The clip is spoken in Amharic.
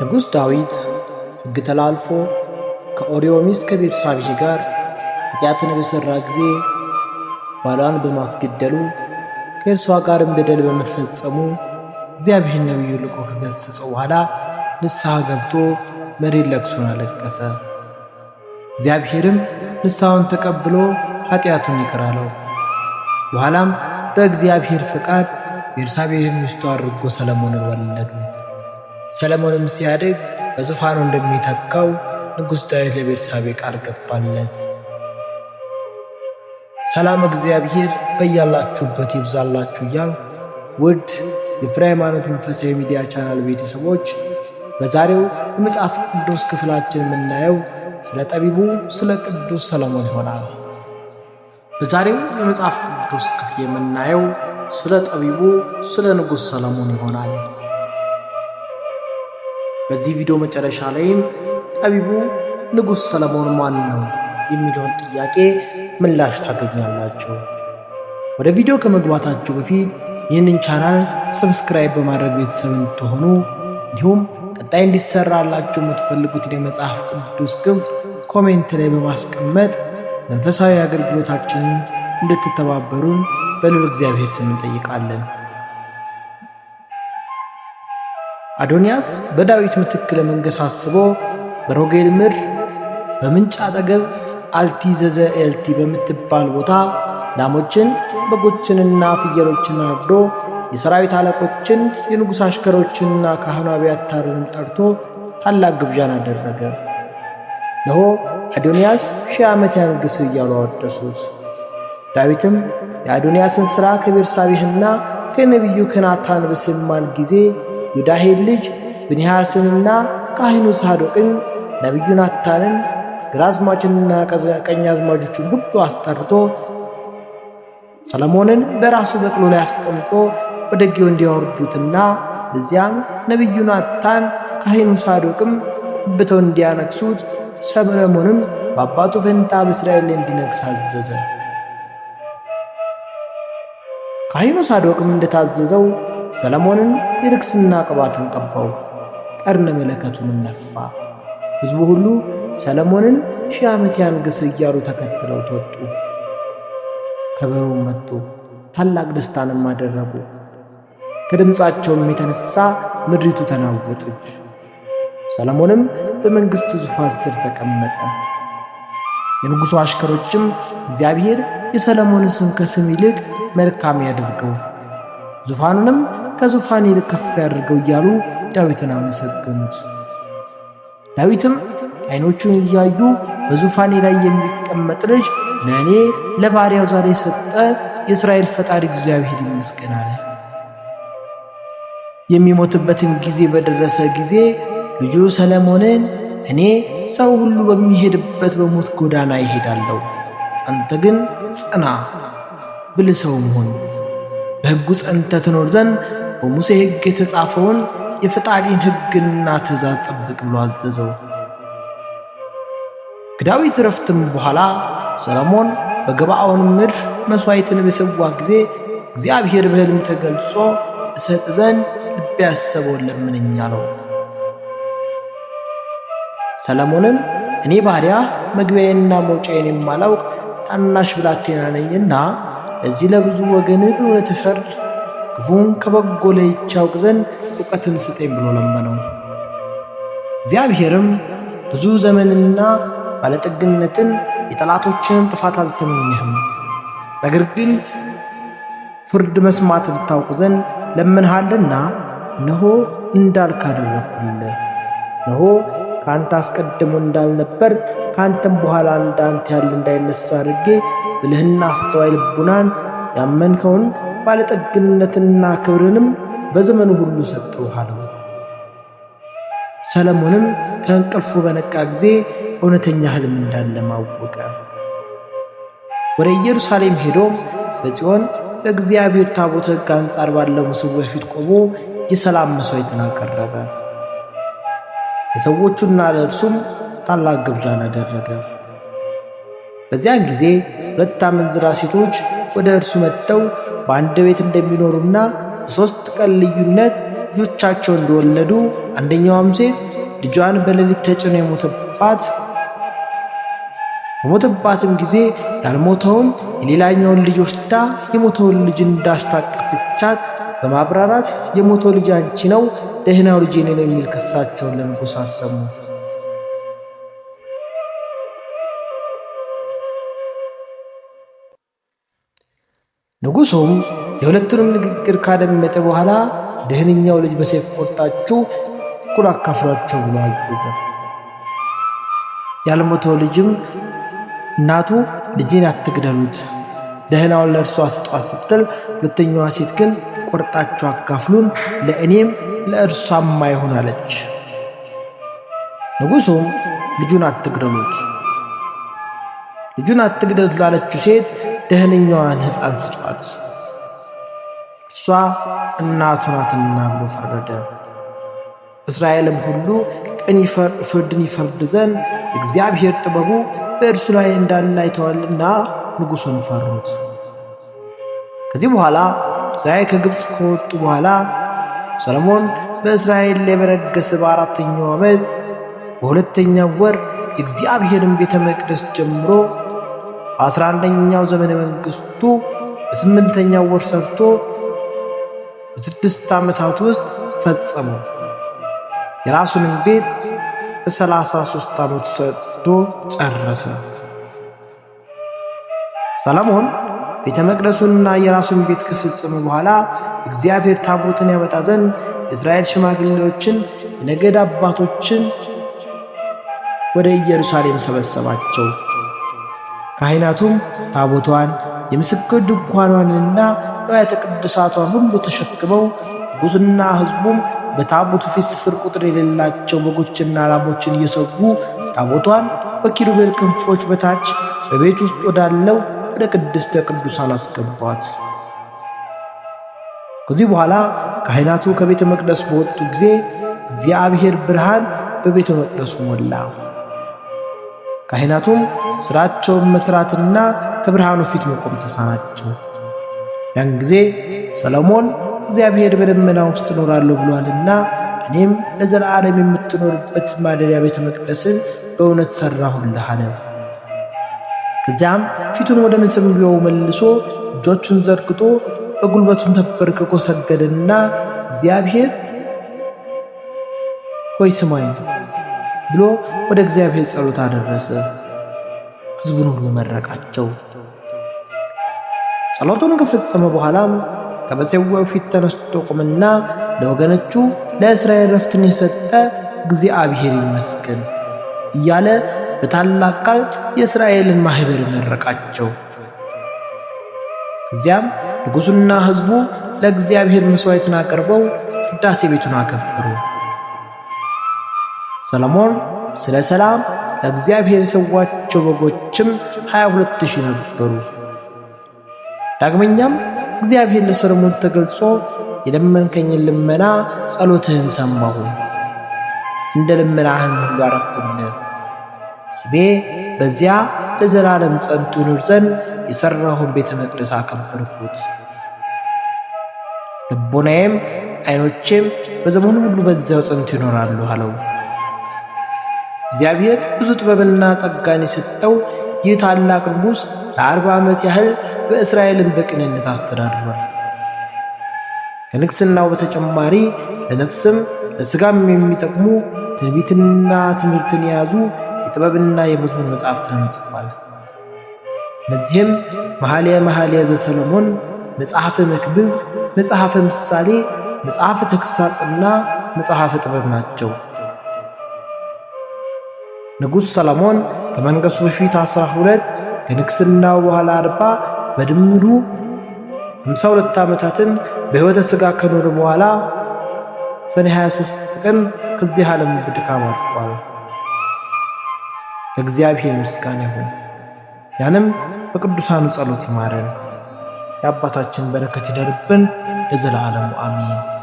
ንጉሥ ዳዊት ሕግ ተላልፎ ከኦርዮ ሚስት ከቤርሳቤህ ጋር ኃጢአትን በሠራ ጊዜ ባሏን በማስገደሉ ከእርሷ ጋርም በደል በመፈጸሙ እግዚአብሔር ነቢዩ ልኮ ከገሠጸው በኋላ ንስሐ ገብቶ መሬት ለቅሶን አለቀሰ። እግዚአብሔርም ንስሐውን ተቀብሎ ኃጢአቱን ይቅር አለው። በኋላም በእግዚአብሔር ፈቃድ ቤርሳቤህን ሚስቱ አድርጎ ሰለሞንን ወለዱ። ሰለሞንም ሲያድግ በዙፋኑ እንደሚተካው ንጉሥ ዳዊት ለቤተሳቤ ቃል ገባለት። ሰላም እግዚአብሔር በያላችሁበት ይብዛላችሁ እያል ውድ የፍሬ ሃይማኖት መንፈሳዊ ሚዲያ ቻናል ቤተሰቦች በዛሬው የመጽሐፍ ቅዱስ ክፍላችን የምናየው ስለ ጠቢቡ ስለ ቅዱስ ሰለሞን ይሆናል። በዛሬው የመጽሐፍ ቅዱስ ክፍል የምናየው ስለ ጠቢቡ ስለ ንጉሥ ሰለሞን ይሆናል። በዚህ ቪዲዮ መጨረሻ ላይም ጠቢቡ ንጉሥ ሰለሞን ማን ነው የሚለውን ጥያቄ ምላሽ ታገኛላችሁ። ወደ ቪዲዮ ከመግባታችሁ በፊት ይህንን ቻናል ሰብስክራይብ በማድረግ ቤተሰብ እንድትሆኑ እንዲሁም ቀጣይ እንዲሰራላችሁ የምትፈልጉትን የመጽሐፍ ቅዱስ ክፍል ኮሜንት ላይ በማስቀመጥ መንፈሳዊ አገልግሎታችንን እንድትተባበሩን በልዑል እግዚአብሔር ስም እንጠይቃለን። አዶንያስ በዳዊት ምትክ ለመንገሥ አስቦ በሮጌል ምድር በምንጭ አጠገብ አልቲዘዘ ኤልቲ በምትባል ቦታ ላሞችን በጎችንና ፍየሎችን አርዶ የሰራዊት አለቆችን የንጉሥ አሽከሮችንና ካህኑ አብያታርንም ጠርቶ ታላቅ ግብዣን አደረገ። ለሆ አዶንያስ ሺህ ዓመት ያንግሥ እያሉ አወደሱት። ዳዊትም የአዶንያስን ሥራ ከቤርሳቤህና ከነቢዩ ከናታን በሰማን ጊዜ ዮዳሄን ልጅ ብንያስንና ካህኑ ሳዶቅን ነቢዩ ናታንን ግራዝማችንና አዝማጆችን ሁሉ አስጠርቶ ሰለሞንን በራሱ በቅሎ ላይ አስቀምጦ ወደ እንዲያወርዱትና በዚያም ነቢዩ ናታን ካህኑ ሳዶቅም ጠብተው እንዲያነግሱት ሰለሞንም በአባቱ ፈንታ በእስራኤል ላይ እንዲነግስ አዘዘ። ካህኑ ሳዶቅም እንደታዘዘው ሰለሞንን የርክስና ቅባትን ቀባው፣ ቀርነ መለከቱንም ነፋ። ሕዝቡ ሁሉ ሰለሞንን ሺህ ዓመት ያንግሥ እያሉ ተከትለው ተወጡ። ከበሮም መጡ፣ ታላቅ ደስታንም አደረጉ። ከድምፃቸውም የተነሳ ምድሪቱ ተናወጠች። ሰለሞንም በመንግሥቱ ዙፋን ስር ተቀመጠ። የንጉሡ አሽከሮችም እግዚአብሔር የሰለሞንን ስም ከስም ይልቅ መልካም ያድርገው ዙፋኑንም ከዙፋን ይልቅ ከፍ ያድርገው እያሉ ዳዊትን አመሰገኑት። ዳዊትም ዓይኖቹን እያዩ በዙፋኔ ላይ የሚቀመጥ ልጅ ለእኔ ለባሪያው ዛሬ የሰጠ የእስራኤል ፈጣሪ እግዚአብሔር ይመስገን አለ። የሚሞትበትን ጊዜ በደረሰ ጊዜ ልጁ ሰለሞንን እኔ ሰው ሁሉ በሚሄድበት በሞት ጎዳና ይሄዳለሁ፣ አንተ ግን ጽና ብልህ ሰውም ሆን። በሕጉ ጸንተ ትኖር ዘንድ በሙሴ ሕግ የተጻፈውን የፈጣሪን ሕግና ትእዛዝ ጠብቅ ብሎ አዘዘው። ከዳዊት ረፍትም በኋላ ሰሎሞን በገባዖን ምድር መሥዋዕትን በሰዋ ጊዜ እግዚአብሔር በሕልም ተገልጾ እሰጥ ዘንድ ልብ ያሰበውን ለምንኝ አለው። ሰለሞንም እኔ ባሪያ መግቢያዬንና መውጫዬን የማላውቅ ታናሽ ብላቴና ነኝና ለዚህ ለብዙ ወገን በሆነ ፍረድ፣ ክፉን ከበጎ ለይቼ አውቅ ዘንድ እውቀትን ስጠኝ ብሎ ለመነው። እግዚአብሔርም ብዙ ዘመንና ባለጠግነትን የጠላቶችንን ጥፋት አልተመኘህም። ነገር ግን ፍርድ መስማት ልታውቅ ዘንድ ለምንሃልና እነሆ እንዳልክ አደረግሁልህ። እነሆ ከአንተ አስቀድሞ እንዳልነበር ከአንተም በኋላ እንዳንተ ያለ እንዳይነሳ አድርጌ ብልህና አስተዋይ ልቡናን ያመንከውን ባለጠግነትና ክብርንም በዘመኑ ሁሉ ሰጥቶሃለው። ሰለሞንም ከእንቅልፉ በነቃ ጊዜ እውነተኛ ሕልም እንዳለ ማወቀ። ወደ ኢየሩሳሌም ሄዶ በጽዮን በእግዚአብሔር ታቦተ ሕግ አንጻር ባለው ምስዋ ፊት ቆሞ የሰላም መሥዋዕትን አቀረበ። ለሰዎቹና ለእርሱም ታላቅ ግብዣን አደረገ። በዚያን ጊዜ ሁለት አመንዝራ ሴቶች ወደ እርሱ መጥተው በአንድ ቤት እንደሚኖሩና በሦስት ቀን ልዩነት ልጆቻቸው እንደወለዱ አንደኛዋም ሴት ልጇን በሌሊት ተጭኖ የሞተባት በሞተባትም ጊዜ ያልሞተውን የሌላኛውን ልጅ ወስዳ የሞተውን ልጅ እንዳስታቀፈቻት በማብራራት የሞተው ልጅ አንቺ ነው፣ ደህናው ልጄ ነው የሚል ክሳቸውን ለንጉሥ አሰሙ። ንጉሡም የሁለቱንም ንግግር ካደመጠ በኋላ ደህንኛው ልጅ በሰይፍ ቆርጣችሁ እኩል አካፍሏቸው ብሎ አዘዘ። ያልሞተው ልጅም እናቱ ልጅን አትግደሉት፣ ደህናውን ለእርሷ ስጧት ስትል፣ ሁለተኛዋ ሴት ግን ቆርጣችሁ አካፍሉን፣ ለእኔም ለእርሷማ ይሁን አለች። ንጉሡም ልጁን አትግደሉት ልጁን አትግደሉት ላለችው ሴት ደህንኛዋን ሕፃን ስጧት፣ እሷ እናቱ ናትና ብሎ ፈረደ። እስራኤልም ሁሉ ቅን ፍርድን ይፈርድ ዘንድ እግዚአብሔር ጥበቡ በእርሱ ላይ እንዳለ አይተዋልና ንጉሡን ፈሩት። ከዚህ በኋላ እስራኤል ከግብፅ ከወጡ በኋላ ሰሎሞን በእስራኤል ላይ በነገሰ በአራተኛው ዓመት በሁለተኛው ወር የእግዚአብሔርን ቤተ መቅደስ ጀምሮ በ11ኛው ዘመነ መንግስቱ በስምንተኛው ወር ሰርቶ በስድስት ዓመታት ውስጥ ፈጸሙ። የራሱንም ቤት በሰላሳ ሦስት ዓመቱ ሰርቶ ጨረሰ። ሰለሞን ቤተ መቅደሱንና የራሱን ቤት ከፈጸመ በኋላ እግዚአብሔር ታቦትን ያመጣ ዘንድ የእስራኤል ሽማግሌዎችን፣ የነገድ አባቶችን ወደ ኢየሩሳሌም ሰበሰባቸው። ካህናቱም ታቦቷን የምስክር ድንኳኗንና ንዋያተ ቅድሳቷን ሁሉ ተሸክመው ጉዙና ሕዝቡም በታቦቱ ፊት ስፍር ቁጥር የሌላቸው በጎችና ላሞችን እየሰጉ ታቦቷን በኪሩቤል ክንፎች በታች በቤት ውስጥ ወዳለው ወደ ቅድስተ ቅዱሳን አስገቧት። ከዚህ በኋላ ካህናቱ ከቤተ መቅደስ በወጡ ጊዜ እግዚአብሔር ብርሃን በቤተ መቅደሱ ሞላ። ካህናቱም ሥራቸውን መሥራትና ከብርሃኑ ፊት መቆም ተሳናቸው። ያን ጊዜ ሰሎሞን እግዚአብሔር በደመና ውስጥ እኖራለሁ ብሏልና እኔም ለዘላዓለም የምትኖርበት ማደሪያ ቤተ መቅደስን በእውነት ሠራሁልህ አለ። ከዚያም ፊቱን ወደ መሰንቢያው መልሶ እጆቹን ዘርግቶ በጉልበቱን ተንበርክኮ ሰገደና እግዚአብሔር ሆይ ስማኝ ብሎ ወደ እግዚአብሔር ጸሎት አደረሰ። ሕዝቡን ሁሉ መረቃቸው። ጸሎቱን ከፈጸመ በኋላም ከመሠዊያው ፊት ተነስቶ ቁምና ለወገኖቹ ለእስራኤል ረፍትን የሰጠ እግዚአብሔር ይመስገን እያለ በታላቅ ቃል የእስራኤልን ማኅበር መረቃቸው። እዚያም ንጉሡና ሕዝቡ ለእግዚአብሔር መሥዋዕትን አቅርበው ቅዳሴ ቤቱን አከበሩ። ሰሎሞን ስለ ሰላም ለእግዚአብሔር የሰዋቸው በጎችም ሀያ ሁለት ሺህ ነበሩ። ዳግመኛም እግዚአብሔር ለሰሎሞን ተገልጾ የለመንከኝን ልመና ጸሎትህን ሰማሁ፣ እንደ ልመናህን ሁሉ አረኩልህ። ስሜ በዚያ ለዘላለም ጸንቶ ይኖር ዘንድ የሠራሁን ቤተ መቅደስ አከበርኩት። ልቦናዬም ዐይኖቼም በዘመኑ ሁሉ በዚያው ጸንቶ ይኖራሉ አለው። እግዚአብሔር ብዙ ጥበብና ጸጋን የሰጠው ይህ ታላቅ ንጉሥ ለአርባ ዓመት ያህል በእስራኤልን በቅንነት አስተዳድሯል። ከንግሥናው በተጨማሪ ለነፍስም ለሥጋም የሚጠቅሙ ትንቢትንና ትምህርትን የያዙ የጥበብና የመዝሙር መጻሕፍትን ጽፏል። እነዚህም መኃልየ መኃልየ ዘሰሎሞን፣ መጽሐፈ መክብብ፣ መጽሐፈ ምሳሌ፣ መጽሐፈ ተግሣጽና መጽሐፈ ጥበብ ናቸው። ንጉሥ ሰለሞን ከመንገሱ በፊት 12 ከንግሥናው በኋላ 40 በድምሩ 52 ዓመታትን በሕይወተ ሥጋ ከኖረ በኋላ ሰኔ 23 ቀን ከዚህ ዓለም በድካም አርፏል። ለእግዚአብሔር ምስጋና ይሁን። ያንም በቅዱሳኑ ጸሎት ይማረን፣ የአባታችን በረከት ይደርብን ለዘላለሙ አሚን።